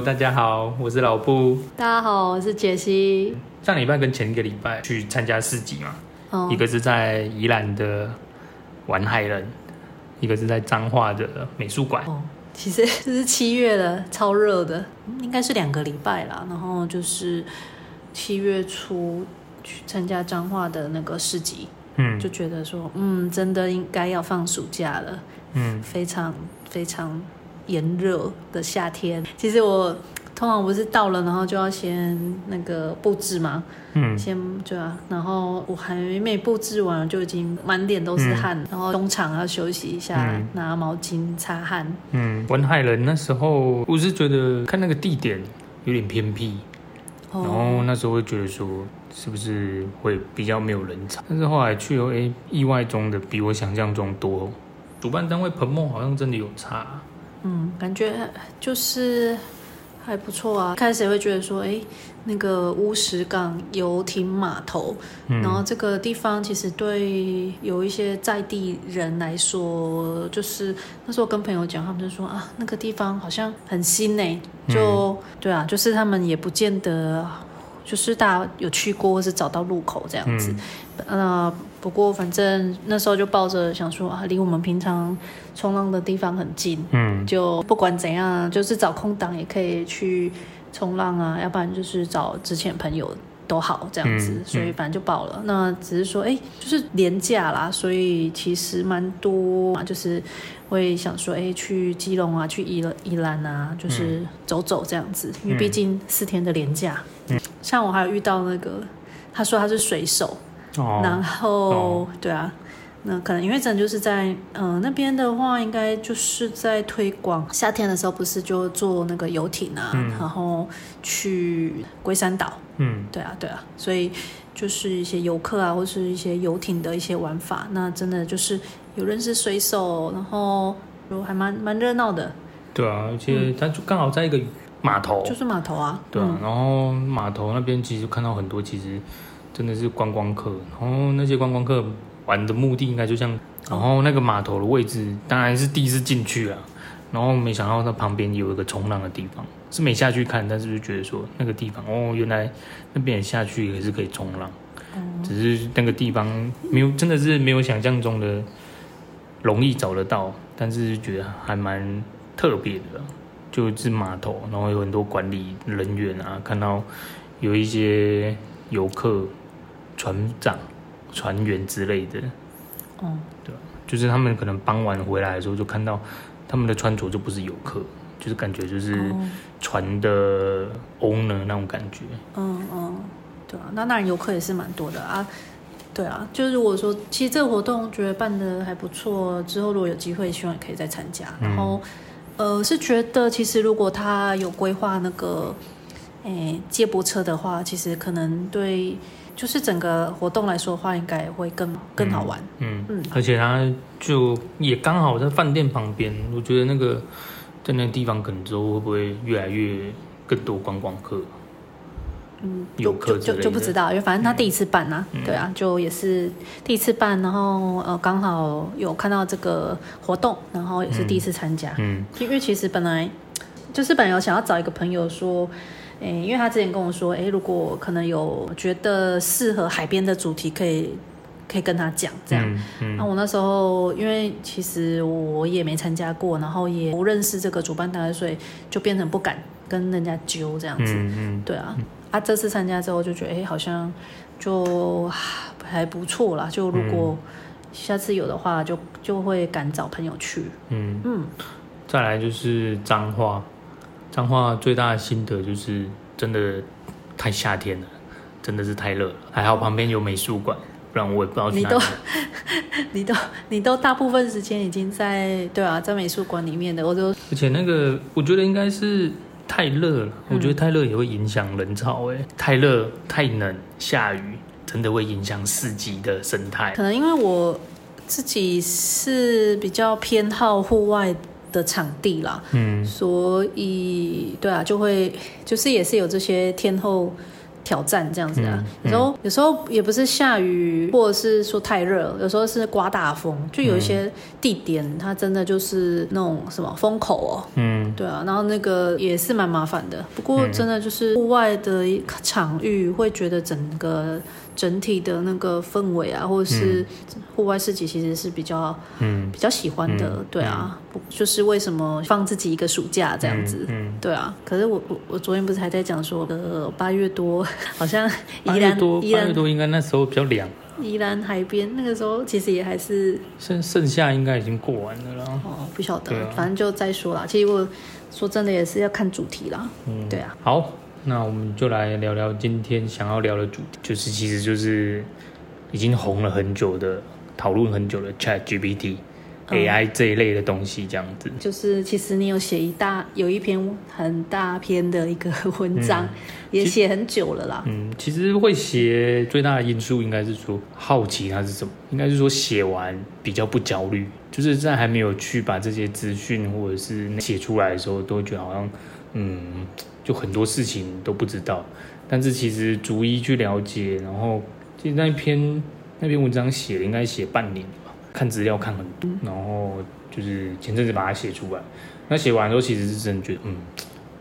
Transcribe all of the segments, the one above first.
大家好，我是老布。大家好，我是傑西。上禮拜跟前一個禮拜去參加市集嘛，哦、一個是在宜蘭的玩海人，一個是在彰化的美術館、哦。其實這是七月了，超熱的，應該是兩個禮拜啦。然後就是七月初去參加彰化的那個市集，嗯，就覺得說，嗯，真的應該要放暑假了。嗯，非常非常，炎熱的夏天，其實我通常不是到了，然後就要先那個布置嘛，嗯，先對啊。然後我還沒布置完，就已經滿臉都是汗，嗯、然後中場要休息一下，嗯、拿毛巾擦汗。嗯，文海人那時候我是覺得看那個地點有點偏僻，然後那時候會覺得說是不是會比較沒有人潮，但是後來去，有哎意外中的比我想象中多，主辦單位彭夢好像真的有差。嗯，感覺就是還不錯啊。看誰會覺得說，哎、欸，那個烏石港遊艇碼頭，嗯、然後這個地方其實對有一些在地人來說，就是那時候跟朋友講，他們就說啊，那個地方好像很新呢、欸。就、嗯、對啊，就是他們也不見得，就是大家有去過或是找到路口這樣子，嗯。啊不過，反正那時候就抱着想說啊，離我們平常衝浪的地方很近，嗯，就不管怎樣，就是找空檔也可以去衝浪啊，要不然就是找之前朋友都好這樣子，嗯嗯、所以反正就報了。那只是說，哎、欸，就是連假啦，所以其實蠻多嘛，就是會想說，哎、欸，去基隆啊，去宜宜蘭啊，就是走走這樣子，因為、嗯、畢竟四天的連假、嗯。嗯，像我還有遇到那個，他說他是水手。哦、然後，哦、對啊，那可能因為真的就是在，嗯、呃，那邊的話，應該就是在推廣夏天的時候，不是就坐那個遊艇啊，嗯、然後去龜山島。嗯，對啊，對啊，所以就是一些遊客啊，或者是一些遊艇的一些玩法。那真的就是有認識水手，然後就還蠻蠻熱鬧的。對啊，而且、嗯、他就剛好在一個碼頭，就是碼頭啊。對啊，嗯、然後碼頭那邊其實看到很多，其實。真的是觀光客，然後那些觀光客玩的目的應該就像，然後那個碼頭的位置當然是第一次進去啊，然後沒想到它旁邊有一個衝浪的地方，是沒下去看，但是就覺得說那個地方哦，原來那邊下去也是可以衝浪，只是那個地方沒有，真的是沒有想象中的容易找得到，但是覺得還蠻特別的啊，就是碼頭，然後有很多管理人員啊，看到有一些遊客。船長、船員之類的，哦、嗯，對，就是他們可能傍晚回來的時候，就看到他們的穿着就不是遊客，就是感覺就是船的 owner 那種感覺。嗯嗯，對啊，那那人遊客也是蠻多的啊。對啊，就是如果說，其實這個活動覺得辦的還不錯，之後如果有機會，希望也可以再參加。然後，嗯、呃，是覺得其實如果他有規劃那個，哎、欸，接駁車的話，其實可能對。就是整個活動來說的話，應該會更更好玩。嗯嗯，嗯嗯，而且他就也剛好在飯店旁邊，我覺得那個在那個地方可能之後會不會越來越更多觀光客？嗯，有客就就，就不知道，因為反正他第一次辦啊，嗯、對啊，就也是第一次辦，然後呃剛好有看到這個活動，然後也是第一次參加嗯。嗯，因為其實本來就是本來想要找一個朋友說。欸、因為他之前跟我說，誒、欸，如果可能有覺得適合海邊的主題，可以可以跟他講這樣。那、嗯嗯啊、我那時候，因為其實我也沒參加過，然後也不認識這個主辦單位，所以就變成不敢跟人家揪這樣子。嗯嗯、對啊，他、啊、這次參加之後就覺得，哎、欸，好像就還不錯啦，就如果下次有的話就，就就會敢找朋友去。嗯嗯，嗯再來就是髒話。彰化最大的心得就是，真的太夏天了，真的是太熱了。還好旁邊有美術館，不然我也不知道去哪裡，你都你都你都大部分時間已經在對啊，在美術館裡面的，我都。而且那個，我覺得應該是太熱了。嗯、我覺得太熱也會影響人潮誒、欸。太熱、太冷、下雨，真的會影響四季的生態。可能因為我自己是比較偏好戶外的。的場地啦，嗯，所以對啊，就會就是也是有這些天候挑戰這樣子啊，然後、嗯嗯、有時候，有時候也不是下雨，或者是說太熱，有時候是刮大風，就有一些地點、嗯、它真的就是那種什麼風口哦、喔，嗯，對啊，然後那個也是蠻麻煩的，不過真的就是戶外的場域會覺得整個。整體的那個氛圍啊，或者是戶外市集，其實是比較，嗯，比較喜歡的，對啊，不就是為什麼放自己一個暑假這樣子，嗯，對啊。可是我我我昨天不是還在講說，的八月多好像宜蘭宜蘭多，應該那時候比較涼。宜蘭海邊那個時候其實也還是剩剩下應該已經過完了啦。哦，不曉得，反正就再說啦。其實我說真的也是要看主題啦，嗯，對啊，好。那我們就來聊聊今天想要聊的主題，就是其實就是已經紅了很久的、討論很久的 ChatGPT AI 這一類的東西，這樣子，嗯。就是其實你有寫一大有一篇很大篇的一個文章，嗯、也寫很久了啦。嗯，其實會寫最大的因素應該是說好奇它是什麼，應該是說寫完比較不焦慮，就是在還沒有去把這些資訊或者是寫出來的時候，都覺得好像。嗯，就很多事情都不知道，但是其實逐一去了解，然後其實那篇那篇文章寫了應該寫半年吧，看資料看很多，然後就是前陣子把它寫出來，那寫完之後其實是真的覺得，嗯，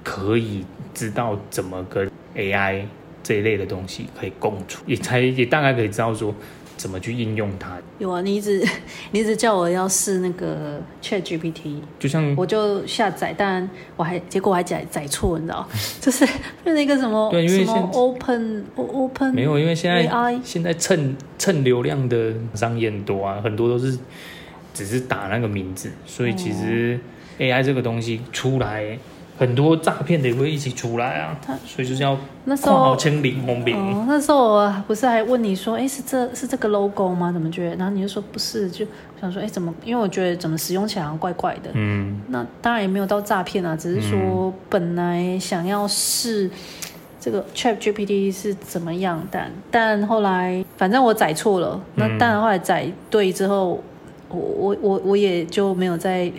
可以知道怎麼跟 AI 這一類的東西可以共處，也才也大概可以知道說。怎麼去應用它？有啊，你一直你一直叫我要試那個 ChatGPT，就像我就下載，但我還結果我還載載錯了，你知道，就是用那個什麼，對，因為現在 Open Open 沒有，因為現在 AI，現在蹭蹭流量的商業很多啊，很多都是只是打那個名字，所以其實 AI 這個東西出來。很多詐騙也會一起出來啊，他所以就是要畫好簽名紅餅哦，那時候我不是還問你說，哎、欸，是這是這個 logo 嗎？怎麼覺得？然後你就說不是，就想說，哎、欸，怎麼？因為我覺得怎麼使用起來好像怪怪的。嗯。那當然也沒有到詐騙啊，只是說本來想要試這個 Chat GPT 是怎麼樣，但但後來反正我載錯了。那但後來載對之後，我我我我也就沒有再，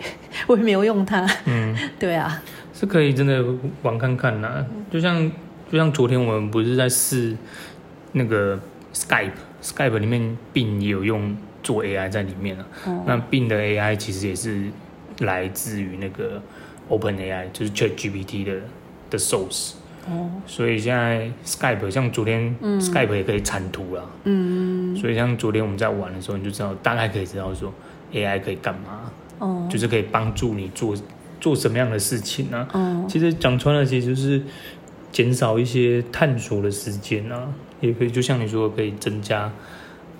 我也沒有用它。嗯， 對啊。可以真的玩看看吶、啊，就像就像昨天我們不是在試那個 Skype，Skype 裡面 Bing 也有用做 AI 在裡面、啊哦，那 Bing 的 AI 其實也是來自於那個 Open AI，就是 Chat GPT 的的 source。哦，所以現在 Skype 像昨天 Skype 也可以產圖了，嗯，所以像昨天我們在玩的時候，你就知道大概可以知道說 AI 可以幹嘛，哦，就是可以幫助你做。做什麼樣的事情呢？嗯，其實講穿了，其實就是減少一些探索的時間啊，也可以就像你說，可以增加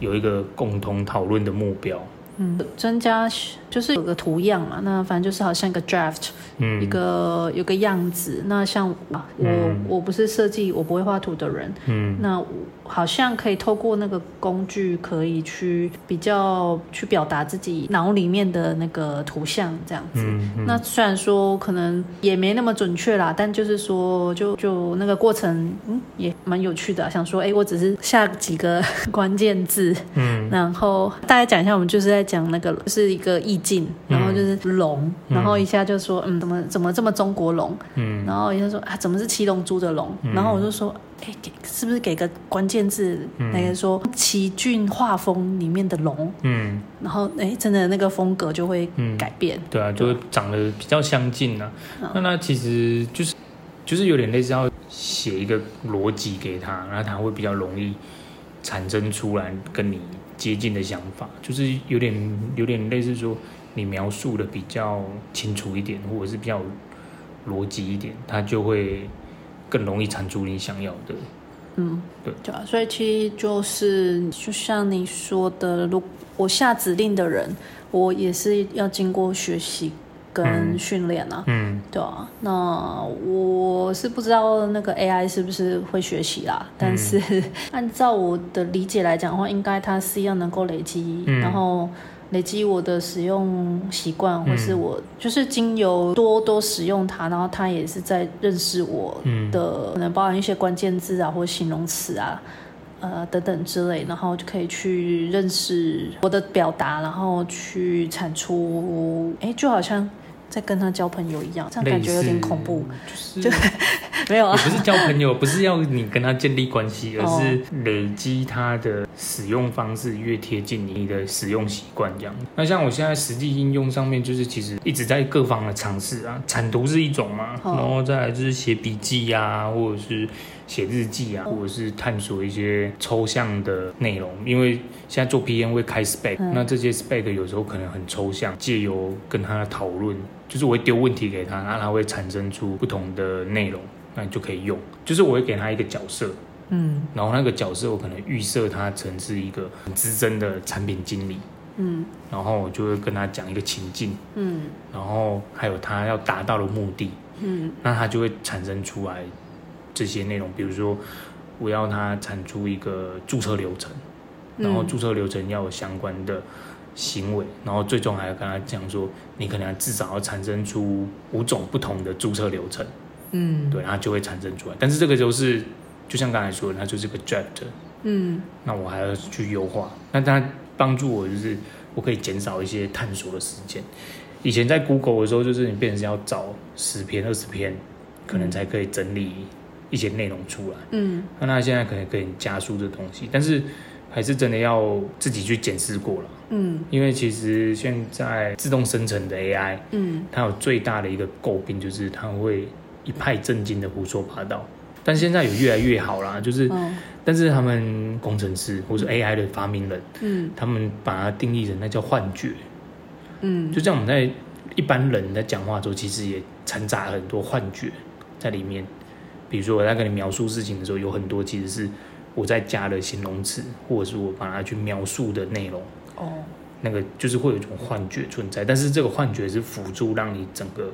有一個共同討論的目標，嗯，增加。就是有個圖樣嘛，那反正就是好像一個 draft，、嗯、一個有個樣子。那像我，嗯、我，我不是設計，我不會畫圖的人。嗯，那好像可以透過那個工具，可以去比較去表達自己腦裡面的那個圖像這樣子。嗯嗯、那雖然說可能也沒那麼準確啦，但就是說就就那個過程，嗯，也蠻有趣的、啊。想說，哎、欸，我只是下幾個關鍵字，嗯，然後大家講一下，我們就是在講那個，就是一個意近，然後就是龍，嗯、然後一下就說，嗯，怎麼怎麼這麼中國龍？嗯，然後一下說啊，怎麼是七龍珠的龍？嗯、然後我就說，哎、欸，給是不是給個關鍵字？嗯、那個說奇駿畫風裡面的龍，嗯，然後哎、欸，真的那個風格就會改變。嗯、對啊，對啊，就長得比較相近呢、啊。嗯、那那其實就是，就是有點類似要寫一個邏輯給他，然後他會比較容易產生出來跟你。接近的想法，就是有點有點類似說，你描述的比較清楚一點，或者是比較邏輯一點，他就會更容易產出你想要的。嗯，對，對啊，嗯。所以其實就是，就像你說的，如我下指令的人，我也是要經過學習。跟訓練啊嗯，嗯，對啊，那我是不知道那個 AI 是不是會學習啦，嗯、但是按照我的理解來講的話，應該它是要能夠累積，嗯、然後累積我的使用習慣，嗯、或是我就是經由多多使用它，然後它也是在認識我的，嗯、可能包含一些關鍵字啊或形容詞啊、呃，等等之類，然後就可以去認識我的表達，然後去產出，哎、欸，就好像。在跟他交朋友一樣，這樣感覺有點恐怖。就是就沒有啊，也不是交朋友，不是要你跟他建立關係，而是累積他的使用方式越貼近你的使用習慣這樣。那像我現在實際應用上面，就是其實一直在各方的嘗試啊，產圖是一種嘛，然後再來就是寫筆記啊，或者是。寫日記啊，或者是探索一些抽象的內容，因為現在做 PM 會開 spec，那這些 spec 有時候可能很抽象，借由跟他討論，就是我會丟問題給他，那他會產生出不同的內容，那你就可以用。就是我會給他一個角色，嗯，然後那個角色我可能預設他成是一個很資深的產品經理，嗯，然後我就會跟他講一個情境，嗯，然後還有他要達到的目的，嗯，那他就會產生出來。這些內容，比如說我要它產出一個註冊流程，然後註冊流程要有相關的行為，嗯，然後最終還要跟它講說，你可能至少要產生出五種不同的註冊流程，嗯，對，然後就會產生出來。但是這個就是，就像剛才說的，它就是個 draft，嗯，那我還要去優化。那它幫助我就是，我可以減少一些探索的時間。以前在 Google 的時候，就是你變成要找十篇、二十篇，可能才可以整理。一些內容出來，嗯，啊、那他現在可能可以加速這東西，但是還是真的要自己去檢視過了，嗯，因為其實現在自動生成的 AI，嗯，它有最大的一個詬病就是它會一派正經的胡說八道，但現在有越來越好啦，就是，哦、但是他們工程師或者 AI 的發明人，嗯，他們把它定義成那叫幻覺，嗯，就像我們在一般人在講話中，其實也摻雜很多幻覺在裡面。比如說我在跟你描述事情的時候，有很多其實是我在加的形容詞，或者是我把它去描述的內容。哦，那個就是會有一種幻覺存在，但是這個幻覺是輔助讓你整個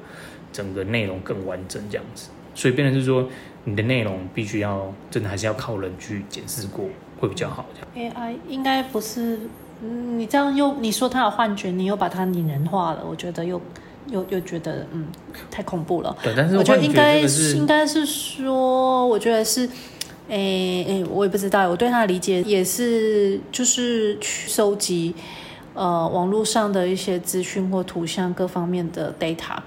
整個內容更完整這樣子。所以變成是說，你的內容必須要真的還是要靠人去檢視過會比較好這樣。AI 應該不是你這樣又你說它有幻覺，你又把它擬人化了，我覺得又。又又覺得嗯太恐怖了，對，但是，覺是我覺得應該應該是說，我覺得是，誒、欸、誒、欸，我也不知道，我對他的理解也是，就是去收集，呃，網絡上的一些資訊或圖像各方面的 data，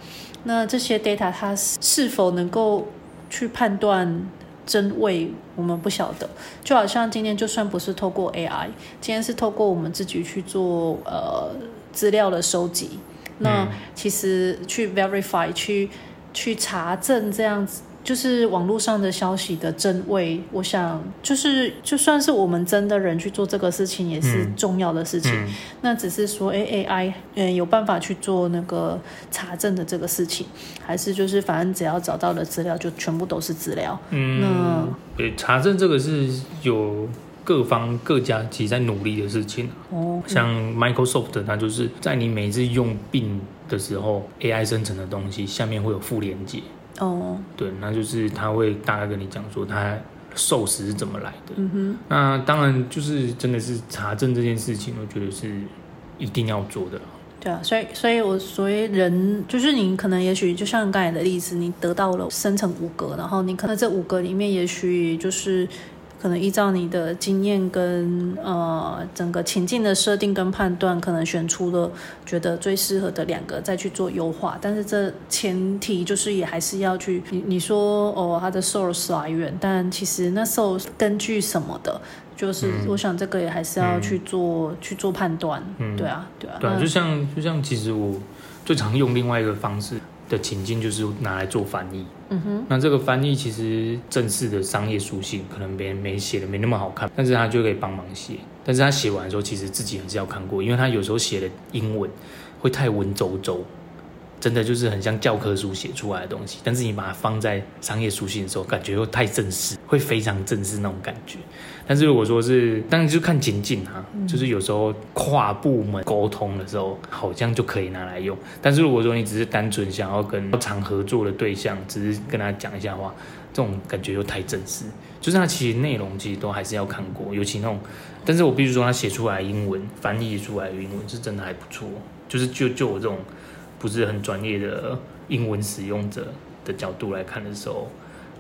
那這些 data 它是，是否能夠去判斷真偽，我們不曉得。就好像今天就算不是透過 AI，今天是透過我們自己去做呃資料的收集。那其實去 verify、嗯、去去查證這樣子，就是網絡上的消息的真偽。我想，就是就算是我們真的人去做這個事情，也是重要的事情。嗯嗯、那只是說，AAI，嗯、欸，有辦法去做那個查證的這個事情，還是就是反正只要找到的資料，就全部都是資料。嗯，那對、欸、查證這個是有。各方各家其實在努力的事情，哦，像 Microsoft，它就是在你每一次用病的時候，AI 生成的東西下面會有副連接，哦，對，那就是它會大概跟你講說它授 o 是怎麼來的，嗯哼，那當然就是真的是查證這件事情，我覺得是一定要做的。對啊，所以所以我所以人就是你可能也許就像剛才的例子，你得到了生成五格，然後你可能這五格裡面也許就是。可能依照你的經驗跟呃整個情境的設定跟判斷，可能選出了覺得最適合的兩個再去做優化。但是這前提就是也還是要去你你說哦他的 source 來源，但其實那 source 根據什麼的，就是我想這個也還是要去做、嗯、去做判斷。嗯，對啊，對啊。對，就像就像其實我最常用另外一個方式，的情境就是拿來做翻譯，嗯哼，那這個翻譯其實正式的商業書信可能別人沒寫的沒那麼好看，但是他就可以幫忙寫，但是他寫完的時候其實自己還是要看過，因為他有時候寫的英文會太文縐縐，真的就是很像教科書寫出來的東西，但是你把它放在商業書信的時候，感覺又太正式，會非常正式那種感覺。但是如果說，是，但是就看情境啊，就是有時候跨部門溝通的時候，好像就可以拿來用。但是如果說你只是單純想要跟常合作的對象，只是跟他講一下話，這種感覺又太真實。就是他其實內容其實都還是要看過，尤其那種。但是我必須說，他寫出來英文，翻譯出來的英文是真的還不錯。就是就就我這種不是很專業的英文使用者的角度來看的時候，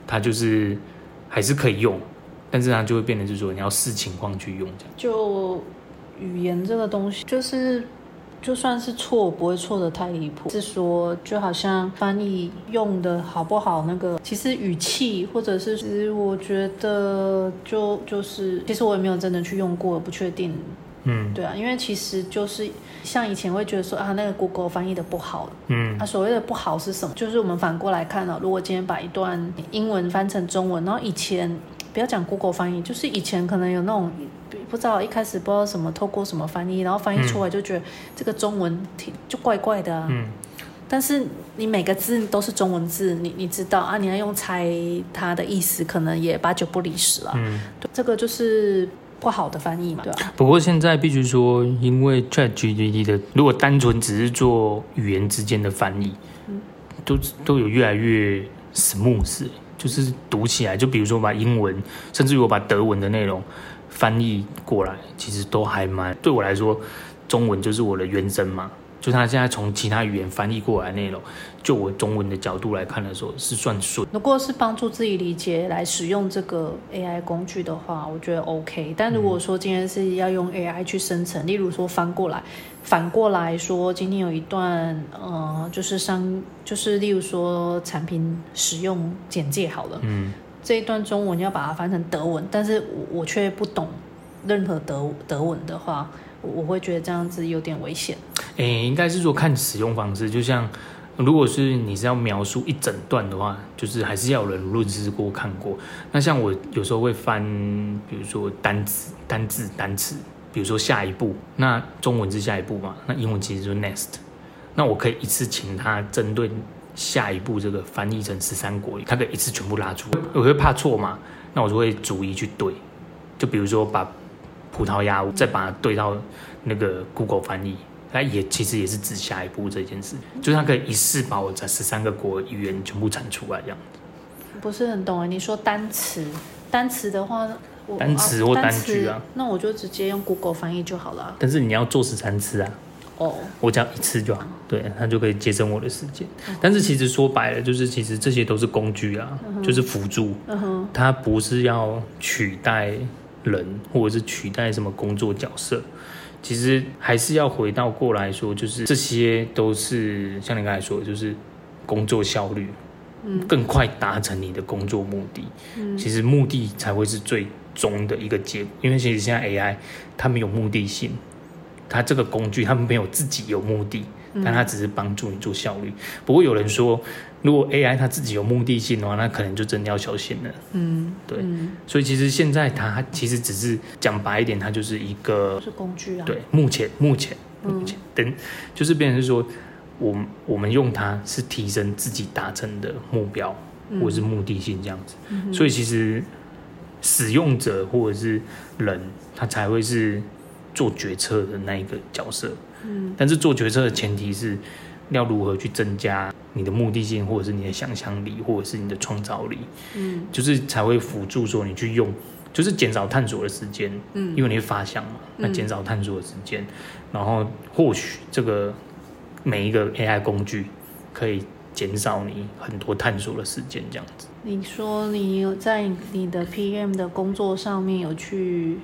他就是還是可以用。但是它就會變成，就是說你要視情況去用這樣。就語言這個東西，就是就算是錯，不會錯的太離譜。是說，就好像翻譯用的好不好，那個其實語氣，或者是其實我覺得就就是，其實我也沒有真的去用過，不確定。嗯，對啊，因為其實就是像以前會覺得說啊，那個 Google 翻譯的不好。嗯、啊，它所謂的不好是什麼？就是我們反過來看了、喔，如果今天把一段英文翻成中文，然後以前。不要講 Google 翻譯，就是以前可能有那種不知道一開始不知道什麼透過什麼翻譯，然後翻譯出來就覺得這個中文挺就怪怪的、啊。嗯，但是你每個字都是中文字，你你知道啊，你要用猜它的意思，可能也八九不離十了。嗯，這個就是不好的翻譯嘛，對吧、啊？不過現在必須說，因為 ChatGPT 的，如果單純只是做語言之間的翻譯，都都有越來越 smooth。就是讀起來，就比如說我把英文，甚至於我把德文的內容翻譯過來，其實都還蠻。對我來說，中文就是我的原生嘛。就他現在從其他語言翻譯過來內容，就我中文的角度來看的時候，是算順。如果是幫助自己理解來使用這個 AI 工具的話，我覺得 OK。但如果說今天是要用 AI 去生成，嗯、例如說翻過來，反過來說今天有一段呃，就是商，就是例如說產品使用簡介好了，嗯，這一段中文要把它翻成德文，但是我我卻不懂任何德德文的話。我會覺得這樣子有點危險。誒、欸，應該是說看使用方式，就像如果是你是要描述一整段的話，就是還是要有人潤飾過看過。那像我有時候會翻，比如說單字、單字、單詞，比如說下一步，那中文是下一步嘛？那英文其實就是 next，那我可以一次請他針對下一步這個翻譯成十三國語，它可以一次全部拉出。我會怕錯嘛？那我就會逐一去對，就比如說把。葡萄牙，再把它對到那個 Google 翻譯，它也其實也是指下一步這件事，就是它可以一次把我這十三個國語言全部產出來這樣。不是很懂哎，你說單詞，單詞的話，我單詞或單句啊單，那我就直接用 Google 翻譯就好了啊。但是你要做十三次啊，哦，oh. 我只要一次就好，對，它就可以節省我的時間。Oh. 但是其實說白了，就是其實這些都是工具啊，uh huh. 就是輔助，uh huh. 它不是要取代。人，或者是取代什麼工作角色，其實還是要回到過來說，就是這些都是像你剛才說的，的就是工作效率，嗯，更快達成你的工作目的。嗯，其實目的才會是最終的一個結果，因為其實現在 AI 它沒有目的性，它這個工具，它沒有自己有目的。但它只是幫助你做效率。不過有人說，如果 AI 它自己有目的性的話，那可能就真的要小心了。嗯，對。所以其實現在它其實只是講白一點，它就是一個是工具啊。對，目前目前目前等，就是變成是說，我我們用它是提升自己達成的目標或者是目的性這樣子。所以其實使用者或者是人，他才會是做決策的那一個角色。嗯，但是做決策的前提是要如何去增加你的目的性，或者是你的想象力，或者是你的創造力。嗯，就是才會輔助說你去用，就是減少探索的時間。嗯，因為你會發想嘛，那減少探索的時間，嗯，然後或許這個每一個 AI 工具可以減少你很多探索的時間，這樣子。你說你有在你的 PM 的工作上面有去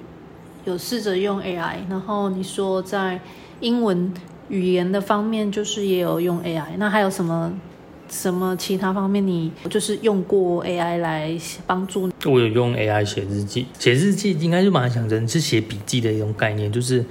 有試着用 AI，然後你說在。英文語言的方面，就是也有用 AI。那還有什麼什麼其他方面，你就是用過 AI 來幫助你？我有用 AI 寫日記，寫日記應該就把它想成是寫筆記的一種概念，就是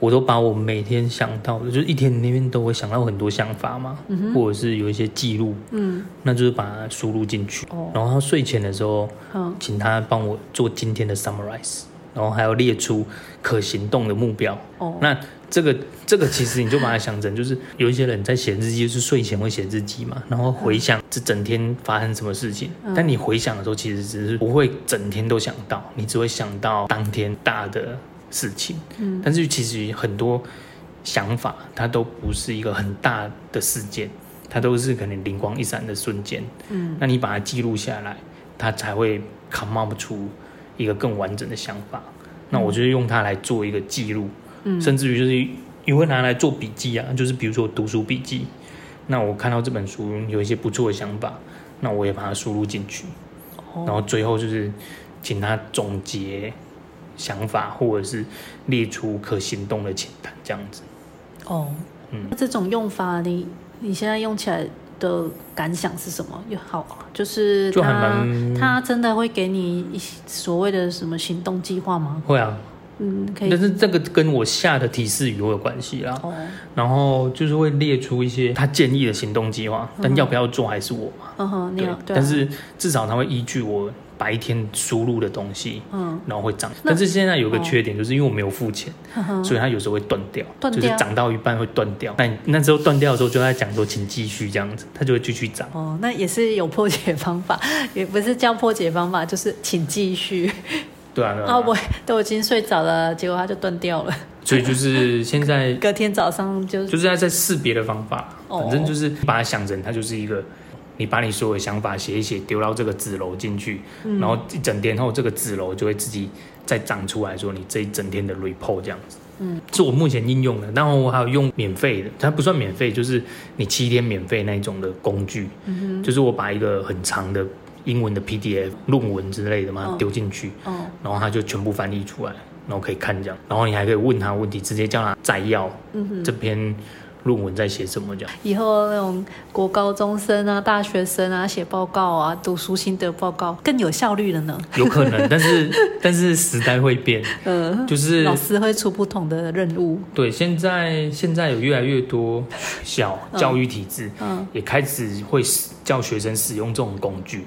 我都把我每天想到的，就是一天裡面都會想到很多想法嘛，嗯、哼或者是有一些記錄，嗯，那就是把它輸入進去，哦、然後他睡前的時候，嗯、請他幫我做今天的 summarize。然後還要列出可行動的目標。Oh. 那這個這個其實你就把它想成，就是有一些人在寫日記，就是睡前會寫日記嘛，然後回想這整天發生什麼事情。Oh. 但你回想的時候，其實只是不會整天都想到，你只會想到當天大的事情。嗯、但是其實很多想法，它都不是一個很大的事件，它都是可能靈光一閃的瞬間。嗯、那你把它記錄下來，它才會 come up 出。一個更完整的想法，那我就用它來做一個記錄，嗯、甚至於就是你會拿來做筆記啊，就是比如說讀書筆記，那我看到這本書有一些不錯的想法，那我也把它輸入進去，哦、然後最後就是請它總結想法或者是列出可行動的清單這樣子。哦，嗯，這種用法你你現在用起來？的感想是什麼？又好，就是他就很蠻他真的會給你一些所謂的什麼行動計劃嗎？會啊，嗯，可以。但是這個跟我下的提示語我有關係啦。哦，oh. 然後就是會列出一些他建議的行動計劃，uh huh. 但要不要做還是我嘛。嗯哼、uh，huh, 你對。對啊、但是至少他會依據我。白天輸入的東西，嗯，然後會長，嗯、但是現在有個缺點，就是因為我沒有付錢，哦、所以它有時候會斷掉，斷掉就是長到一半會斷掉。那那時候斷掉的時候就在講說，請繼續這樣子，它就會繼續長。哦，那也是有破解方法，也不是叫破解方法，就是請繼續。對啊，啊、哦，我都已經睡着了，結果它就斷掉了。所以就是現在隔天早上就是、就是在在試別的方法，哦、反正就是把它想成它就是一個。你把你所有想法寫一寫，丟到這個紙樓進去，嗯、然後一整天後，這個紙樓就會自己再長出來說你這一整天的 report 這樣子。嗯、是我目前應用的，然後我還有用免費的，它不算免費，就是你七天免費那一種的工具。嗯、哼就是我把一個很長的英文的 PDF 論文之類的嘛丟進去，哦、然後它就全部翻譯出來，然後可以看這樣，然後你還可以問他問題，直接叫它摘要、嗯、哼這篇。論文在寫什麼講？以後那種國高中生啊、大學生啊寫報告啊、讀書心得報告更有效率了呢？有可能，但是 但是時代會變，呃、就是老師會出不同的任務。對，現在現在有越來越多小教育體制，嗯，嗯也開始會教學生使用這種工具，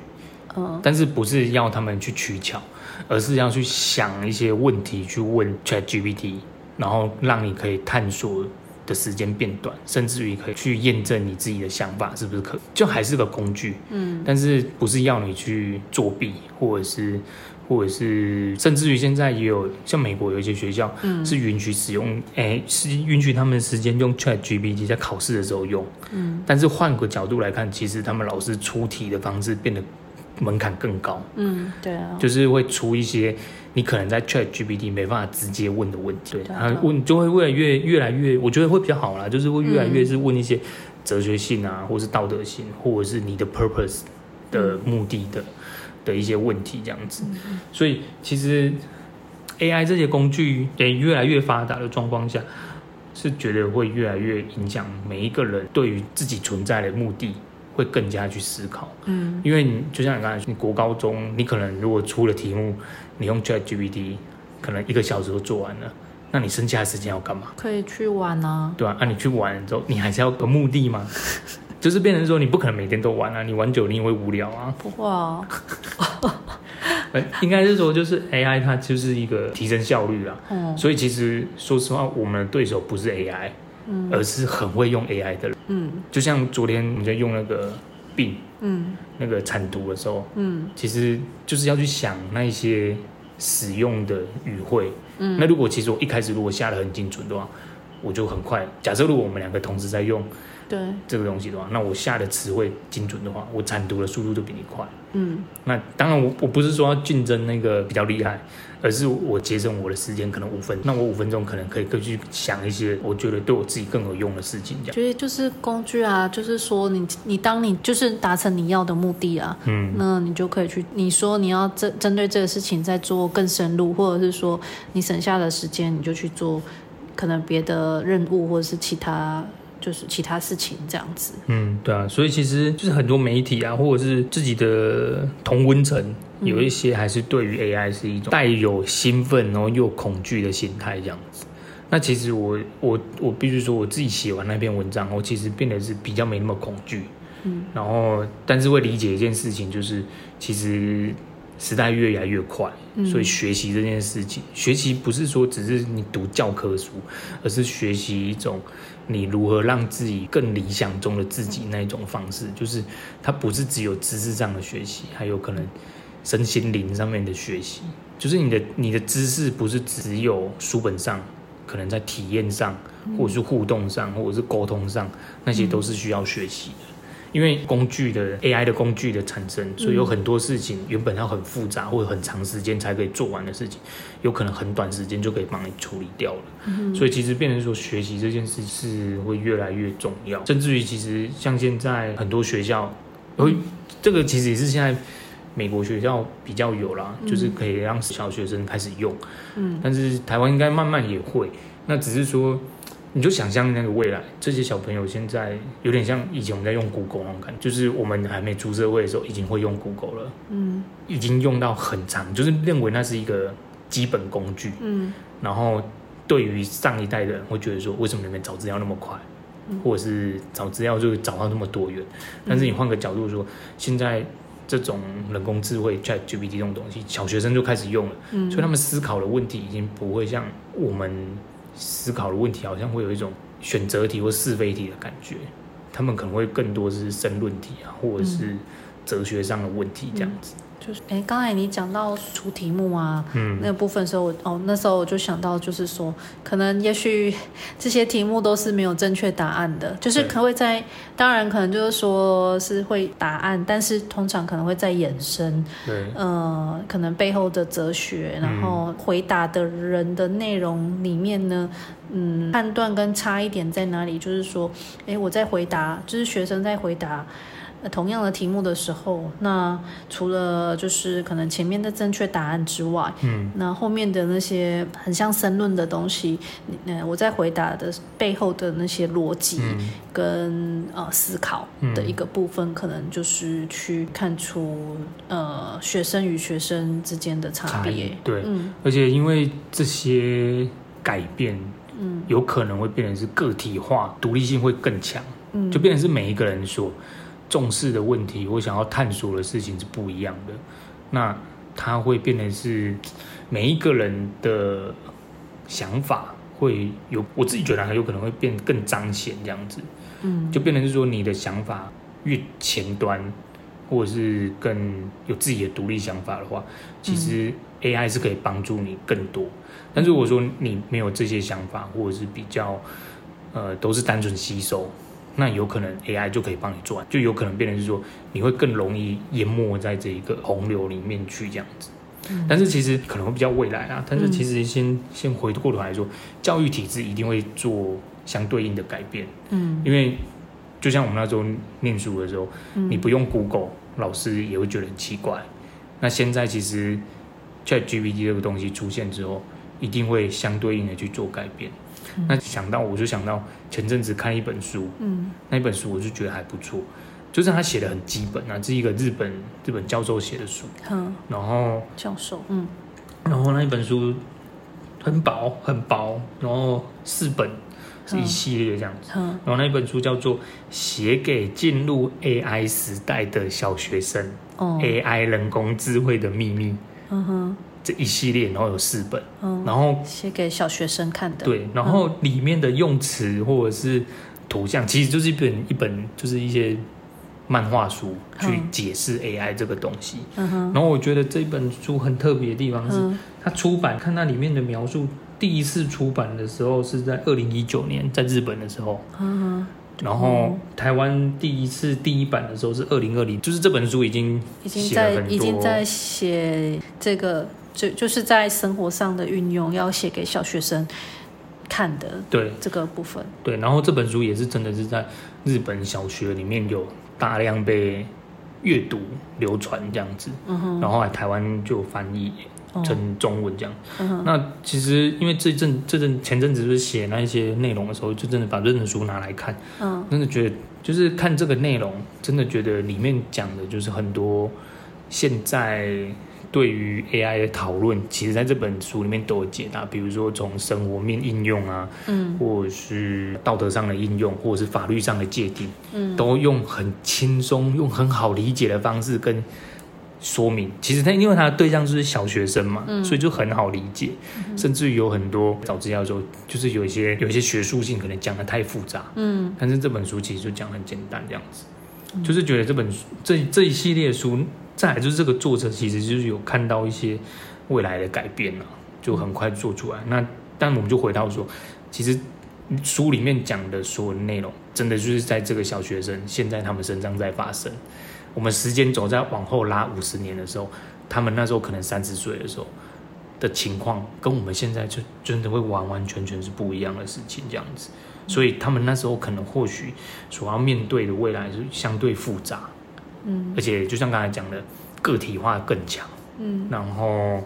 嗯，但是不是要他們去取巧，而是要去想一些問題去問 ChatGPT，然後讓你可以探索，的時間變短，甚至於可以去驗證你自己的想法是不是可，就還是個工具，嗯，但是不是要你去作弊，或者是，或者是，甚至於現在也有像美國有一些學校，嗯，是、欸，是允許使用，哎，是允許他們時間用 ChatGPT 在考試的時候用，嗯，但是換個角度來看，其實他們老師出題的方式變得門檻更高，嗯，對啊，就是會出一些。你可能在 ChatGPT 沒辦法直接問的問題，對，問、嗯、就會越來越越來越，我覺得會比較好啦，就是會越來越是問一些哲學性啊，或是道德性，或者是你的 purpose 的目的的的一些問題這樣子。嗯、所以其實 AI 這些工具在越來越發達的狀況下，是覺得會越來越影響每一個人對於自己存在的目的會更加去思考。嗯，因為你就像你剛才說，你國高中你可能如果出了題目。你用 ChatGPT 可能一個小時都做完了，那你剩下的時間要幹嘛？可以去玩啊，對啊，那、啊、你去玩之後，你還是要有目的嗎？ 就是變成說，你不可能每天都玩啊，你玩久了你也會無聊啊。不會啊、哦， 應該是說，就是 AI 它就是一個提升效率啊，嗯、所以其實說實話，我們的對手不是 AI，嗯、而是很會用 AI 的人，嗯，就像昨天我們在用那個 Bing 嗯，那個產圖的時候，嗯，其實就是要去想那些使用的語彙。嗯，那如果其實我一開始如果下的很精準的話，我就很快。假設如果我們兩個同時在用，對這個東西的話，對那我下的詞彙精準的話，我產圖的速度就比你快。嗯，那當然我，我我不是說要競爭那個比較厲害，而是我節省我的時間可能五分，那我五分鐘可能可以，可以去想一些我覺得對我自己更有用的事情。這樣，就是就是工具啊，就是說你你當你就是達成你要的目的啊，嗯，那你就可以去，你說你要針對這個事情再做更深入，或者是說你省下的時間你就去做可能別的任務或者是其他。就是其他事情這樣子，嗯，對啊，所以其實就是很多媒體啊，或者是自己的同溫層，嗯、有一些還是對於 AI 是一種帶有興奮然後又恐懼的心態這樣子。那其實我我我，必須說我自己寫完那篇文章，我其實變得是比較沒那麼恐懼，嗯，然後但是會理解一件事情，就是其實。時代越來越快，所以學習這件事情，學習不是說只是你讀教科書，而是學習一種你如何讓自己更理想中的自己那一種方式。就是它不是只有知識上的學習，還有可能身心靈上面的學習。就是你的你的知識不是只有書本上，可能在體驗上，或者是互動上，或者是溝通上，那些都是需要學習的。因為工具的 AI 的工具的產生，所以有很多事情原本要很複雜或者很長時間才可以做完的事情，有可能很短時間就可以幫你處理掉了。所以其實變成說學習這件事是會越來越重要，甚至於其實像現在很多學校，這個其實也是現在美國學校比較有啦，就是可以讓小學生開始用。但是台灣應該慢慢也會，那只是說。你就想象那個未來，這些小朋友現在有點像以前我們在用 Google 那種感覺，就是我們還沒出社會的時候已經會用 Google 了，嗯、已經用到很長，就是認為那是一個基本工具，嗯、然後對於上一代的人會覺得說，為什麼你們找資料那麼快，嗯、或者是找資料就找到那麼多元？嗯、但是你換個角度說，現在這種人工智慧、嗯、ChatGPT 這種東西，小學生就開始用了，嗯、所以他們思考的問題已經不會像我們。思考的問題好像會有一種選擇題或是非題的感覺，他們可能會更多是申論題啊，或者是哲學上的問題這樣子。嗯嗯就是哎，剛才你講到出題目啊，嗯，那個部分的時候我，我哦那時候我就想到，就是說可能也許這些題目都是沒有正確答案的，就是可能會在，對當然可能就是說是會答案，但是通常可能會在衍生，對，呃，可能背後的哲學，然後回答的人的內容裡面呢，嗯，嗯，判斷跟差異點在哪裡，就是說，哎，我在回答，就是學生在回答。同樣的題目的時候，那除了就是可能前面的正確答案之外，嗯，那後面的那些很像申論的東西，我在回答的背後的那些邏輯跟、嗯、呃思考的一個部分，嗯、可能就是去看出呃學生與學生之間的差別，對，嗯、而且因為這些改變，嗯，有可能會變成是個體化，獨、嗯、立性會更強，就變成是每一個人說。重視的問題我想要探索的事情是不一樣的，那它會變成是每一個人的想法會有，我自己覺得還有可能會變得更彰顯這樣子，嗯，就變成是說你的想法越前端，或者是更有自己的獨立想法的話，其實 AI 是可以幫助你更多。但如果說你沒有這些想法，或者是比較呃都是單純吸收。那有可能 AI 就可以幫你做，就有可能變成是說你會更容易淹沒在這一個洪流裡面去這樣子。但是其實可能會比較未來啊，但是其實先先回過頭來說，教育體制一定會做相對應的改變。嗯，因為就像我們那時候念書的時候，你不用 Google，老師也會覺得很奇怪。那現在其實 ChatGPT 這個東西出現之後，一定會相對應的去做改變。嗯、那想到我就想到前陣子看一本書，嗯，那本書我就覺得還不錯，就是他寫的很基本啊，是一個日本日本教授寫的書，嗯、然後教授，嗯，然後那本書很薄很薄，然後四本、嗯、是一系列這樣子，嗯嗯、然後那本書叫做《寫給進入 AI 時代的小學生》哦，AI 人工智慧的祕密，嗯哼這一系列，然後有四本，嗯、然後寫給小學生看的。對，然後裡面的用詞或者是圖像，嗯、其實就是一本一本，就是一些漫畫書、嗯、去解釋 AI 這個東西。嗯哼。然後我覺得這本書很特別的地方是，嗯、它出版，看它裡面的描述，第一次出版的時候是在二零一九年，在日本的時候。嗯哼。嗯然後台灣第一次第一版的時候是二零二零，就是這本書已經已經在已經在寫這個。就就是在生活上的運用，要寫給小學生看的。對，這個部分。對，然後這本書也是真的是在日本小學裡面有大量被閱讀、流傳這樣子。嗯哼。然後來台灣就翻譯成中文這樣。嗯。嗯哼。那其實因為這陣這陣前陣子不是寫那一些內容的時候，就真的把這本書拿來看。嗯。真的覺得就是看這個內容，真的覺得裡面講的就是很多現在，對於 AI 的討論，其實在這本書裡面都有解答。比如說從生活面應用啊，嗯、或者是道德上的應用，或者是法律上的界定，嗯、都用很輕鬆、用很好理解的方式跟說明。其實他因為它的對象就是小學生嘛，嗯、所以就很好理解。嗯、哼甚至有很多找資料的時候，就是有一些、有一些學術性可能講的太複雜，嗯，但是這本書其實就講得很簡單這樣子，就是覺得這本這這一系列書。再來就是這個作者，其實就是有看到一些未來的改變了啊，就很快做出來。那但我們就回到說，其實書裡面講的所有內容，真的就是在這個小學生現在他們身上在發生。我們時間走在往後拉五十年的時候，他們那時候可能三十歲的時候的情況，跟我們現在就真的會完完全全是不一樣的事情這樣子。所以他們那時候可能或許所要面對的未來是相對複雜。而且就像剛才講的，個體化更強，嗯，然後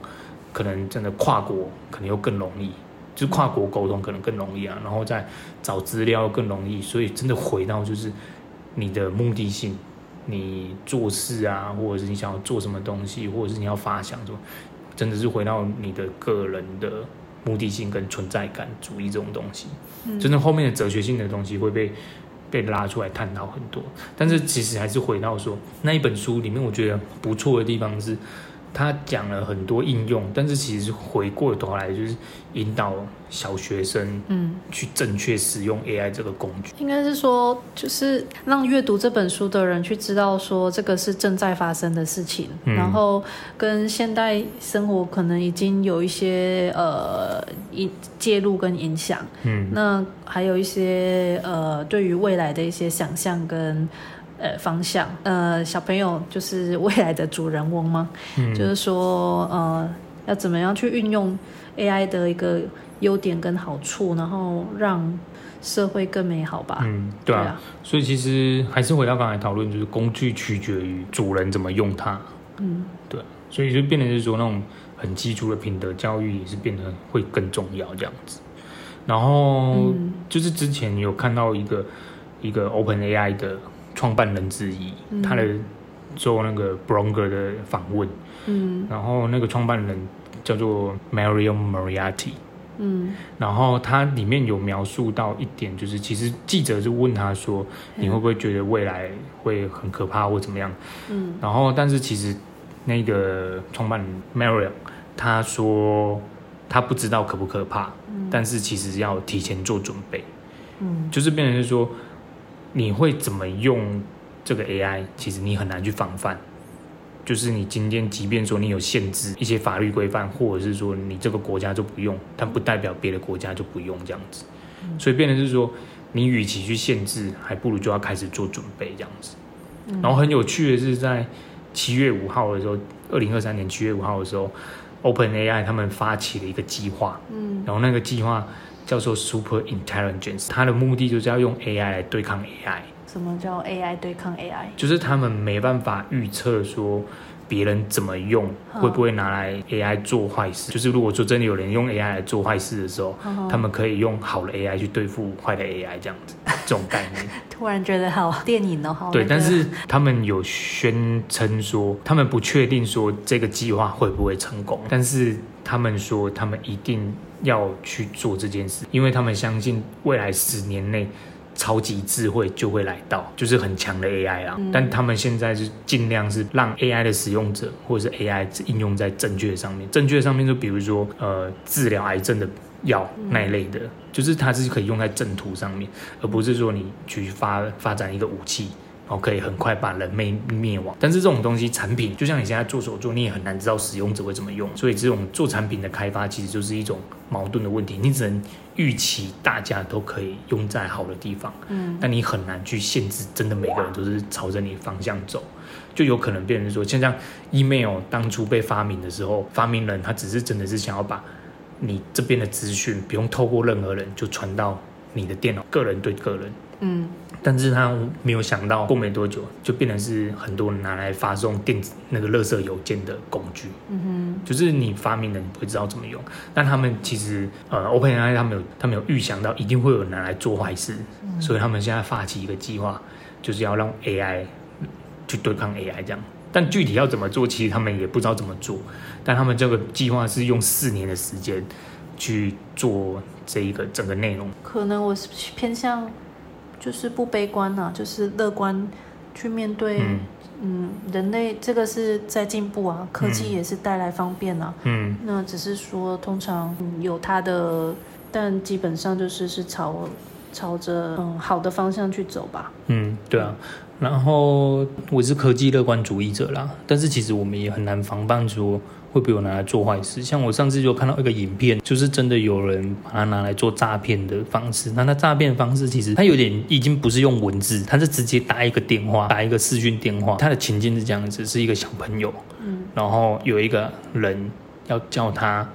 可能真的跨國可能又更容易，就是跨國溝通可能更容易啊，然後再找資料更容易，所以真的回到就是你的目的性，你做事啊，或者是你想要做什麼東西，或者是你要發想什麼，真的是回到你的個人的目的性跟存在感主義這種東西，嗯，真的後面的哲學性的東西會被。被拉出來探討很多，但是其實還是回到說那一本書裡面，我覺得不錯的地方是。他講了很多應用，但是其實回過頭來就是引導小學生，嗯，去正確使用 AI 這個工具。應該是說，就是讓閱讀這本書的人去知道說，這個是正在發生的事情，嗯，然後跟現代生活可能已經有一些呃一介入跟影響。嗯，那還有一些呃，對於未來的一些想象跟。呃，方向，呃，小朋友就是未來的主人翁嗎？嗯，就是說，呃，要怎麼樣去運用 AI 的一個優點跟好處，然後讓社會更美好吧？嗯，對啊。所以其實還是回到剛才討論，就是工具取決於主人怎麼用它。嗯，對。所以就變成是說，那種很基礎的品德教育也是變得會更重要這樣子。然後就是之前有看到一個一個 OpenAI 的。創辦人之一，他來做那個 Broner 的訪問，嗯、然後那個創辦人叫做 Mario Moriarty，然後他裡面有描述到一點，就是其實記者就問他說，你會不會覺得未來會很可怕或怎麼樣？嗯、然後但是其實那個創辦人 Mario 他說他不知道可不可怕，嗯、但是其實要提前做準備，嗯、就是變成是說。你會怎麼用這個 AI？其實你很難去防範，就是你今天即便說你有限制一些法律規範，或者是說你這個國家就不用，但不代表別的國家就不用這樣子。所以變成是說，你與其去限制，還不如就要開始做準備這樣子。然後很有趣的是，在七月五號的時候，二零二三年七月五號的時候，OpenAI 他們發起了一個計劃，嗯，然後那個計劃。叫做 Super Intelligence，它的目的就是要用 AI 來對抗 AI。什麼叫 AI 對抗 AI？就是他們沒辦法預測說別人怎麼用，會不會拿來 AI 做壞事。就是如果說真的有人用 AI 來做壞事的時候，他們可以用好的 AI 去對付壞的 AI，這樣子，這種概念。突然覺得好電影都好。對，但是他們有宣稱說，他們不確定說這個計劃會不會成功，但是他們說他們一定。要去做這件事，因為他們相信未來十年內，超級智慧就會來到，就是很強的 AI 啊。嗯。但他們現在是盡量是讓 AI 的使用者或者是 AI 應用在正確上面，正確上面就比如說呃治療癌症的藥，嗯，那一類的，就是它是可以用在正途上面，而不是說你去發發展一個武器。可以很快把人類滅亡。但是這種東西，產品就像你現在做手作，你也很難知道使用者會怎麼用。所以這種做產品的開發，其實就是一種矛盾的問題。你只能預期大家都可以用在好的地方，但那你很難去限制，真的每個人都是朝着你方向走，就有可能變成說，像像 email 當初被發明的時候，發明人他只是真的是想要把你這邊的資訊不用透過任何人就傳到你的電腦，個人對個人，嗯。但是他沒有想到，過沒多久就變成是很多人拿來發送電子那個垃圾郵件的工具。嗯哼，就是你發明的，你不會知道怎麼用。但他們其實，呃，OpenAI 他們有他們有預想到，一定會有人拿來做壞事，嗯哼，所以他們現在發起一個計劃，就是要讓 AI 去對抗 AI 這樣。但具體要怎麼做，其實他們也不知道怎麼做。但他們這個計劃是用四年的時間去做這一個整個內容。可能我是偏向。就是不悲觀吶，啊，就是樂觀去面對。嗯，嗯，人類這個是在進步啊，科技也是帶來方便啊。嗯，那只是說通常有它的，但基本上就是是朝朝着嗯好的方向去走吧。嗯，對啊。然後我是科技樂觀主義者啦，但是其實我們也很難防範說。會被我拿來做壞事。像我上次就看到一個影片，就是真的有人把它拿來做詐騙的方式。那他詐騙方式其實他有點已經不是用文字，他是直接打一個電話，打一個視訊電話。他的情境是這樣子，是一個小朋友，嗯，然後有一個人要叫他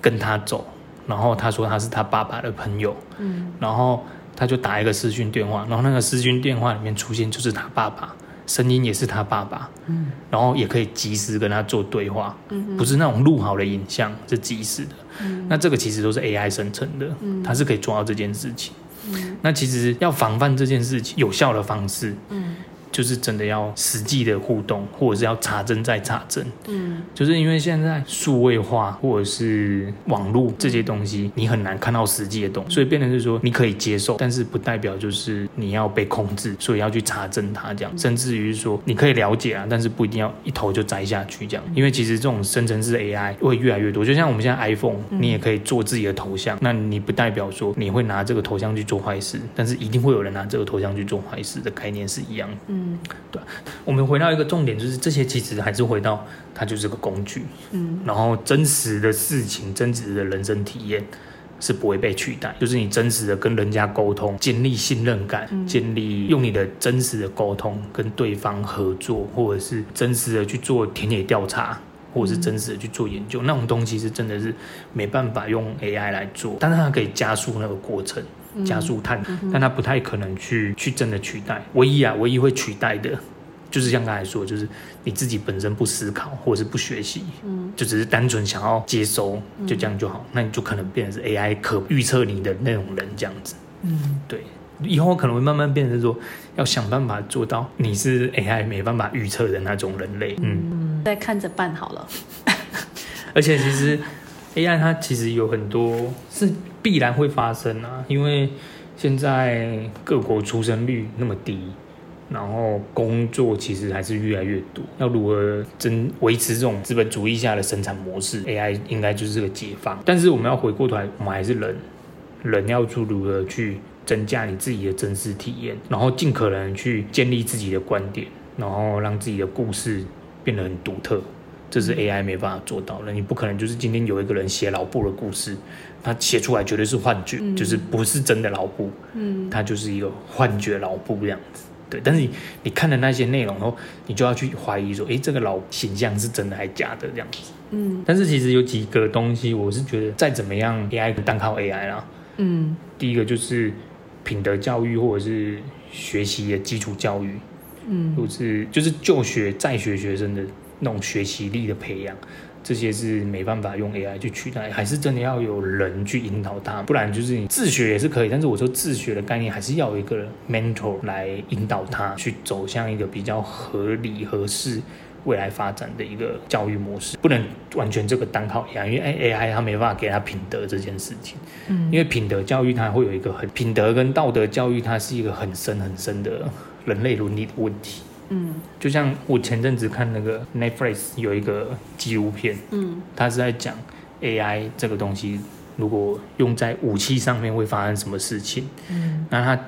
跟他走，然後他說他是他爸爸的朋友，嗯，然後他就打一個視訊電話，然後那個視訊電話裡面出現就是他爸爸。聲音也是他爸爸，嗯、然後也可以及時跟他做對話，嗯、哼，不是那種錄好的影像，是及時的，嗯、那這個其實都是 AI 生成的，嗯、他它是可以做到這件事情，嗯、那其實要防範這件事情，有效的方式，嗯嗯就是真的要實際的互動，或者是要查證再查證。嗯，就是因為現在數位化或者是網絡這些東西，嗯、你很難看到實際的東西，嗯、所以變成是說你可以接受，但是不代表就是你要被控制，所以要去查證它這樣，嗯、甚至於說你可以了解啊，但是不一定要一頭就栽下去這樣。嗯、因為其實這種生成式 AI 會越來越多，就像我們現在 iPhone，你也可以做自己的頭像，嗯、那你不代表說你會拿這個頭像去做壞事，但是一定會有人拿這個頭像去做壞事的概念是一樣的。嗯。嗯，對，我們回到一個重點，就是這些其實還是回到它就是個工具，嗯，然後真實的事情、真實的人生體驗是不會被取代，就是你真實的跟人家溝通，建立信任感，嗯、建立用你的真實的溝通跟對方合作，或者是真實的去做田野調查，或者是真實的去做研究，嗯、那種東西是真的是沒辦法用 AI 來做，但是它可以加速那個過程。加速探，嗯嗯、但他不太可能去去真的取代。唯一啊，唯一會取代的，就是像剛才說，就是你自己本身不思考，或者是不學習，嗯、就只是單純想要接收，就這樣就好，嗯、那你就可能變成是 AI 可預測你的那種人這樣子。嗯，對，以後可能會慢慢變成說，要想辦法做到你是 AI 沒辦法預測的那種人類。嗯，再、嗯、看着辦好了。 而且其實 AI 它其實有很多是。必然會發生啊，因為現在各國出生率那麼低，然後工作其實還是越來越多，要如何增維持這種資本主義下的生產模式？AI 應該就是個解放，但是我們要回過頭來，我們還是人，人要如何去增加你自己的真實體驗，然後盡可能去建立自己的觀點，然後讓自己的故事變得很獨特。這是 AI 沒辦法做到的，你不可能就是今天有一個人寫老布的故事，他寫出來絕對是幻覺，嗯、就是不是真的老布，嗯，他就是一個幻覺老布這樣子，對。但是你你看了那些內容，然後你就要去懷疑說，哎，這個老形象是真的還是假的這樣子，嗯。但是其實有幾個東西，我是覺得再怎麼樣 AI 單靠 AI 啦，嗯。第一個就是品德教育或者是學習的基礎教育，嗯，就是就是就學在學學生，的那種學習力的培養，這些是沒辦法用 AI 去取代，還是真的要有人去引導他，不然就是你自學也是可以，但是我說自學的概念還是要有一個 mentor 來引導他去走向一個比較合理合適未來發展的一個教育模式，不能完全這個單靠 AI，因為 AI 它沒辦法給他品德這件事情，嗯，因為品德教育它會有一個很，品德跟道德教育，它是一個很深很深的人類倫理的問題。嗯，就像我前陣子看那個 Netflix 有一個紀錄片，嗯，他是在講 AI 這個東西，如果用在武器上面會發生什麼事情，嗯，那它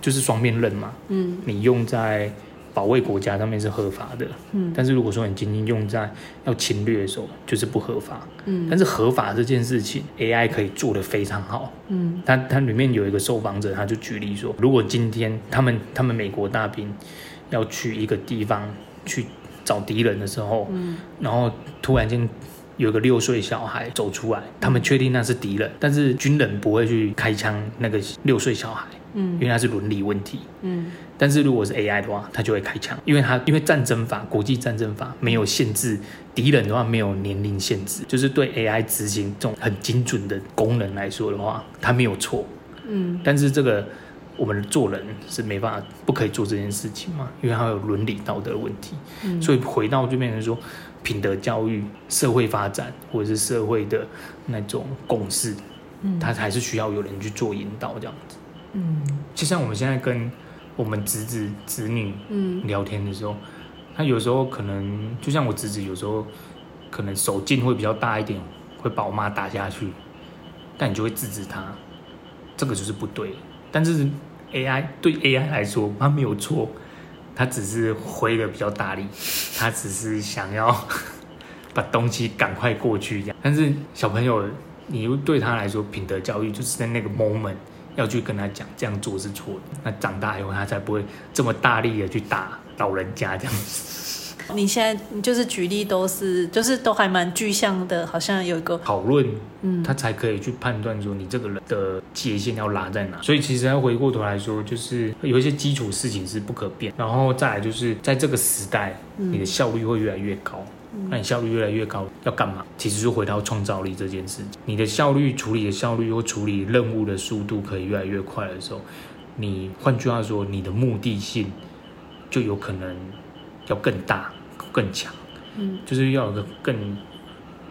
就是雙面刃嘛，嗯，你用在保衛國家上面是合法的，嗯，但是如果說你今天用在要侵略的時候，就是不合法，嗯，但是合法這件事情，AI 可以做得非常好，嗯，他他裡面有一個受訪者，他就舉例說，如果今天他們他們美國大兵。要去一個地方去找敵人的時候，嗯，然後突然間有個六歲小孩走出來，他們確定那是敵人，但是軍人不會去開槍那個六歲小孩，嗯，因為他是倫理問題，嗯，但是如果是 AI 的話，他就會開槍，因為他因為戰爭法國際戰爭法沒有限制敵人的話沒有年齡限制，就是對 AI 執行這種很精準的功能來說的話，他沒有錯，嗯，但是這個。我們做人是沒辦法，不可以做這件事情嘛，因為它有倫理道德問題，嗯，所以回到這就變成說，品德教育、社會發展或者是社會的那種共識，嗯，它還是需要有人去做引導這樣子。嗯，就像我們現在跟我們侄子、侄女，嗯，聊天的時候，嗯，他有時候可能就像我侄子有時候可能手勁會比較大一點，會把我媽打下去，但你就會制止他，這個就是不對。但是 AI 對 AI 來說，他沒有錯，他只是揮的比較大力，他只是想要把東西趕快過去這樣。但是小朋友，你又對他來說，品德教育就是在那個 moment 要去跟他講，這樣做是錯的。那長大以後，他才不會這麼大力的去打老人家這樣子。你現在你就是舉例都是就是都還蠻具象的，好像有一個討論，嗯，他才可以去判斷說你這個人的界限要拉在哪。所以其實要回過頭來說，就是有一些基礎事情是不可變，然後再來就是在這個時代，你的效率會越來越高。嗯、那你效率越來越高，要幹嘛？其實就回到創造力這件事情。你的效率處理的效率或處理任務的速度可以越來越快的時候，你換句話說，你的目的性就有可能要更大。更強，嗯、就是要有個更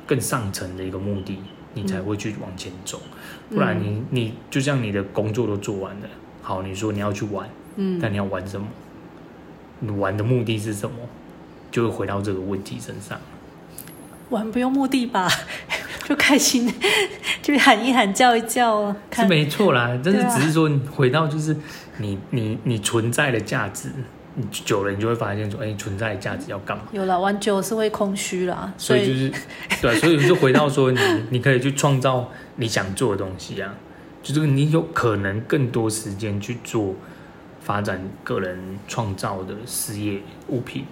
更上層的一個目的，你才會去往前走，嗯、不然你你，就像你的工作都做完了，好，你說你要去玩，但你要玩什麼？嗯、你玩的目的是什麼？就會回到這個問題身上。玩不用目的吧，就開心，就喊一喊，叫一叫，是沒錯啦。但是只是說，回到就是你、啊、你你，你存在的價值。久了，你就會發現說，欸，存在的價值要幹嘛？有了玩久是會空虛啦。所以就是對，所以就是回到說，你你可以去創造你想做的東西啊，就是你有可能更多時間去做發展個人創造的事業、物品，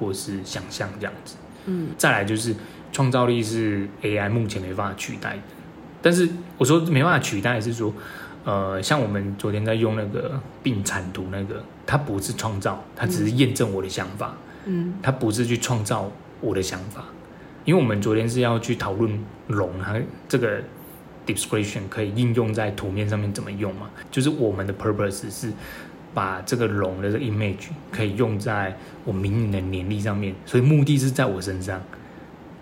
或是想象這樣子。嗯，再來就是創造力是 AI 目前沒辦法取代，但是我說沒辦法取代是說。呃，像我們昨天在用那個 Bing 產圖，那個它不是創造，它只是驗證我的想法。嗯，它不是去創造我的想法，因為我們昨天是要去討論龍它這個 description 可以應用在圖面上面怎麼用嘛？就是我們的 purpose 是把這個龍的這個 image 可以用在我明年的年曆上面，所以目的是在我身上。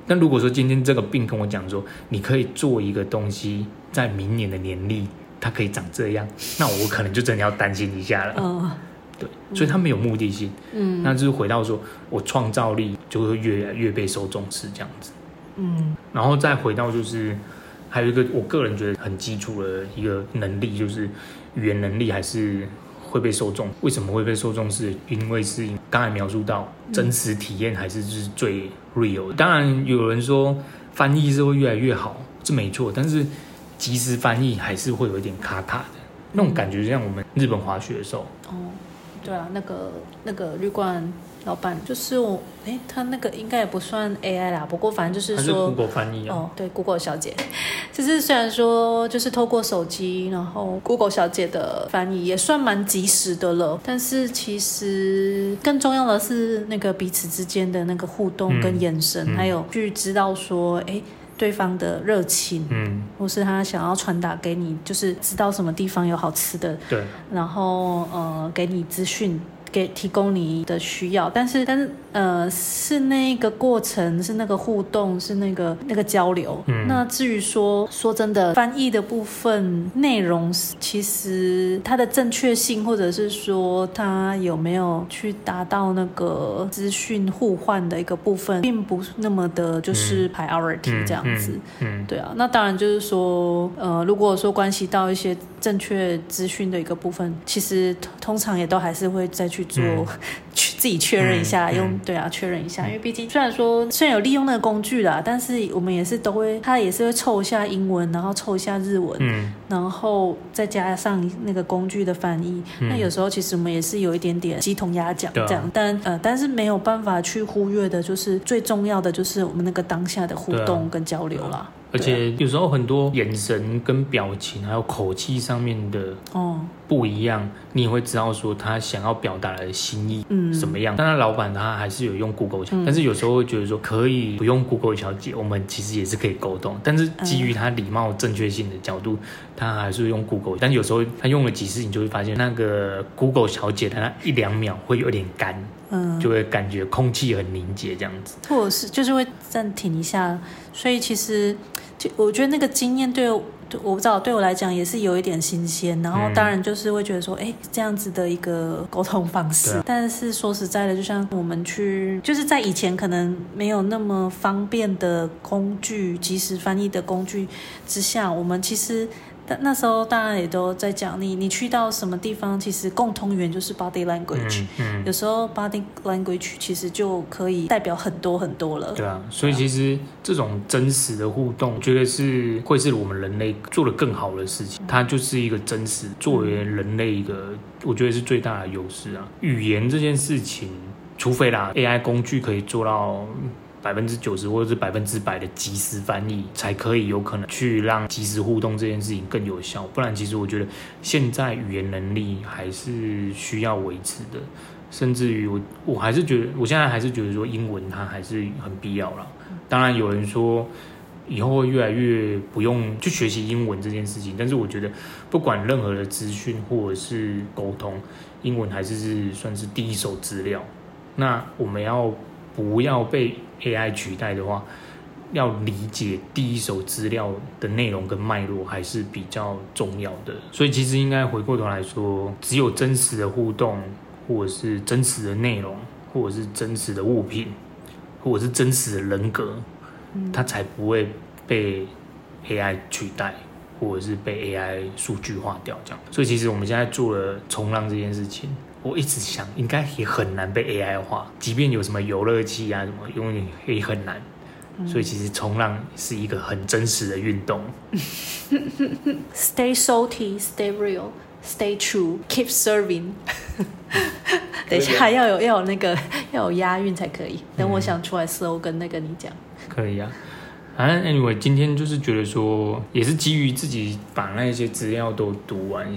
但如果說今天這個 Bing 跟我講說，你可以做一個東西在明年的年曆。他可以長這樣，那我可能就真的要擔心一下了。哦。對，所以他沒有目的性。嗯，那就是回到說，我創造力就會越來越被受重視這樣子。嗯，然後再回到就是還有一個我個人覺得很基礎的一個能力，就是語言能力還是會被受重。為什麼會被受重視？因為是剛才描述到真實體驗還是是最 real。當然有人說翻譯是會越來越好，這沒錯，但是。即時翻譯還是會有一點卡卡的那種感覺，就像我們日本滑雪的時候。對啊，那個那個旅館老板就是我，哎、欸，他那個應該也不算 AI 啦，不過反正就是說。他是 Google 翻譯啊。哦，對，Google 小姐，就是雖然說就是透過手機，然後 Google 小姐的翻譯也算蠻及時的了，但是其實更重要的是那個彼此之間的那個互動跟眼神，嗯嗯、還有去知道說，哎、欸。對方的熱情，嗯，或是他想要傳達給你，就是知道什麼地方有好吃的，對，然後呃，給你資訊。給提供你的需要，但是但是，呃，是那個過程，是那個互動，是那個那個交流。嗯，那至於說說真的翻譯的部分內容，其實它的正確性或者是說它有沒有去達到那個資訊互換的一個部分，並不是那麼的就是 priority 這樣子。嗯，嗯嗯，對啊。那當然就是說呃，如果說關係到一些正確資訊的一個部分，其實通常也都還是會再去。做去，嗯、自己確認一下，嗯嗯、用對啊，確認一下，因為畢竟雖然說雖然有利用那個工具啦，但是我們也是都會，他也是會湊一下英文，然後湊一下日文，嗯、然後再加上那個工具的翻譯，嗯、那有時候其實我們也是有一點點雞同鴨講、嗯、這樣，但呃，但是沒有辦法去忽略的，就是最重要的就是我們那個當下的互動跟交流啦。嗯嗯而且有時候很多眼神跟表情，還有口氣上面的不一樣，你也會知道說他想要表達的心意什麼樣。當然，老闆他還是有用 Google 小姐，但是有時候會覺得說可以不用 Google 小姐，我們其實也是可以溝通。但是基於他禮貌正確性的角度，他還是用 Google。但有時候他用了幾次，你就會發現那個 Google 小姐她那一兩秒會有點乾。就會感覺空氣很凝結這樣子，或者是就是會暫停一下，所以其實就我覺得那個經驗對我，我不知道對我來講也是有一點新鮮，然後當然就是會覺得說，哎、嗯，這樣子的一個溝通方式，對但是說實在的，就像我們去就是在以前可能沒有那麼方便的工具，即時翻譯的工具之下，我們其實。那，那時候大家也都在講你，你去到什麼地方，其實共通語言就是 body language 嗯。嗯，有時候 body language 其實就可以代表很多很多了。對啊，所以其實這種真實的互動，覺得是會是我們人類做的更好的事情。嗯、它就是一個真實，作為人類一個，我覺得是最大的優勢啊。語言這件事情，除非啦，AI 工具可以做到。百分之九十或者是百分之百的即時翻譯，才可以有可能去讓即時互動這件事情更有效。不然，其實我覺得現在語言能力還是需要維持的。甚至於我，我還是覺得，我現在還是覺得說英文它還是很必要了。當然，有人說以後會越來越不用去學習英文這件事情，但是我覺得不管任何的資訊或者是溝通，英文還是是算是第一手資料。那我們要。不要被 AI 取代的話，要理解第一手資料的內容跟脈絡還是比較重要的。所以其實應該回過頭來說，只有真實的互動，或者是真實的內容，或者是真實的物品，或者是真實的人格，它才不會被 AI 取代，或者是被 AI 數據化掉這樣。所以其實我們現在做了衝浪這件事情。我一直想，應該也很難被 AI 化，即便有什麼遊樂器啊什麼，因為你也很難。所以其實衝浪是一個很真實的運動。嗯、 Stay salty, stay real, stay true, keep serving。 等一下要有要有那個要有押韻才可以。等我想出來四 O，、so、跟那個你講。可以啊，反正 anyway，今天就是覺得說，也是基於自己把那些資料都讀完。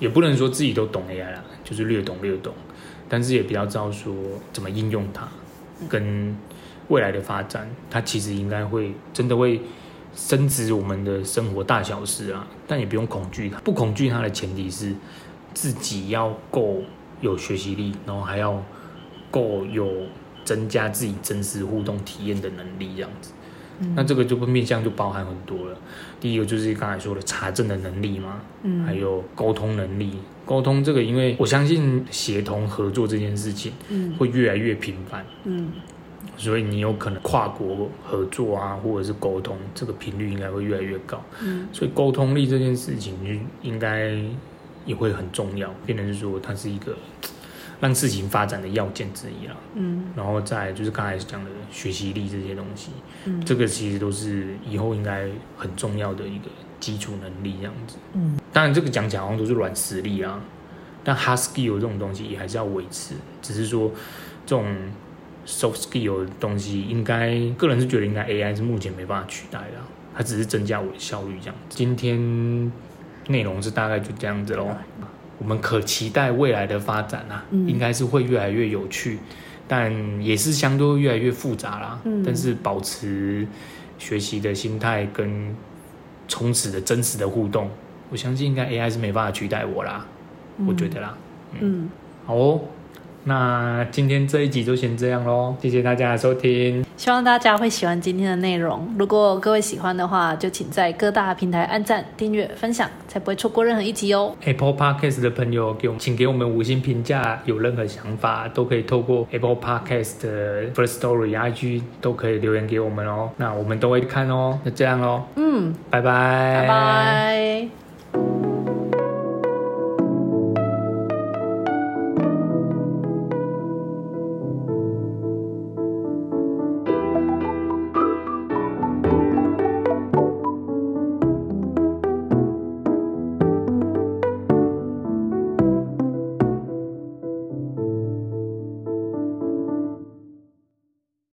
也不能說自己都懂 AI 啦，就是略懂略懂，但是也比較知道說怎麼應用它，跟未來的發展，它其實應該會真的會升值我們的生活大小事啊，但也不用恐懼它，不恐懼它的前提是自己要夠有學習力，然後還要夠有增加自己真實互動體驗的能力，這樣子。嗯、那這個就會面向就包含很多了。第一個就是剛才說的查證的能力嘛，還有溝通能力。溝通這個，因為我相信協同合作這件事情，會越來越頻繁，所以你有可能跨國合作啊，或者是溝通，這個頻率應該會越來越高，所以溝通力這件事情應該也會很重要，變成是說它是一個。但事情發展的要件之一啦，嗯，然後再就是剛才講的學習力這些東西，嗯，這個其實都是以後應該很重要的一個基礎能力，這樣子，嗯，當然這個講起來好像都是軟實力啊，但 hard skill 這種東西也還是要維持，只是說這種 soft skill 的東西，應該個人是覺得應該 AI 是目前沒辦法取代的啊，它只是增加我的效率這樣子。今天內容是大概就這樣子咯。嗯我們可期待未來的發展啊，嗯、應該是會越來越有趣，但也是相對越來越複雜啦。嗯、但是保持學習的心態跟充實的真實的互動，我相信應該 AI 是沒辦法取代我啦。嗯、我覺得啦，嗯，嗯，好、哦。那今天這一集就先這樣嘍，謝謝大家的收聽，希望大家會喜歡今天的內容。如果各位喜歡的話，就請在各大平台按讚、訂閱、分享，才不會錯過任何一集哦。Apple Podcast 的朋友，給我們請給我們五星評價，有任何想法都可以透過 Apple Podcast 的 Firstory IG 都可以留言給我們哦，那我們都會看哦。那這樣嘍，嗯，拜拜 bye，拜拜。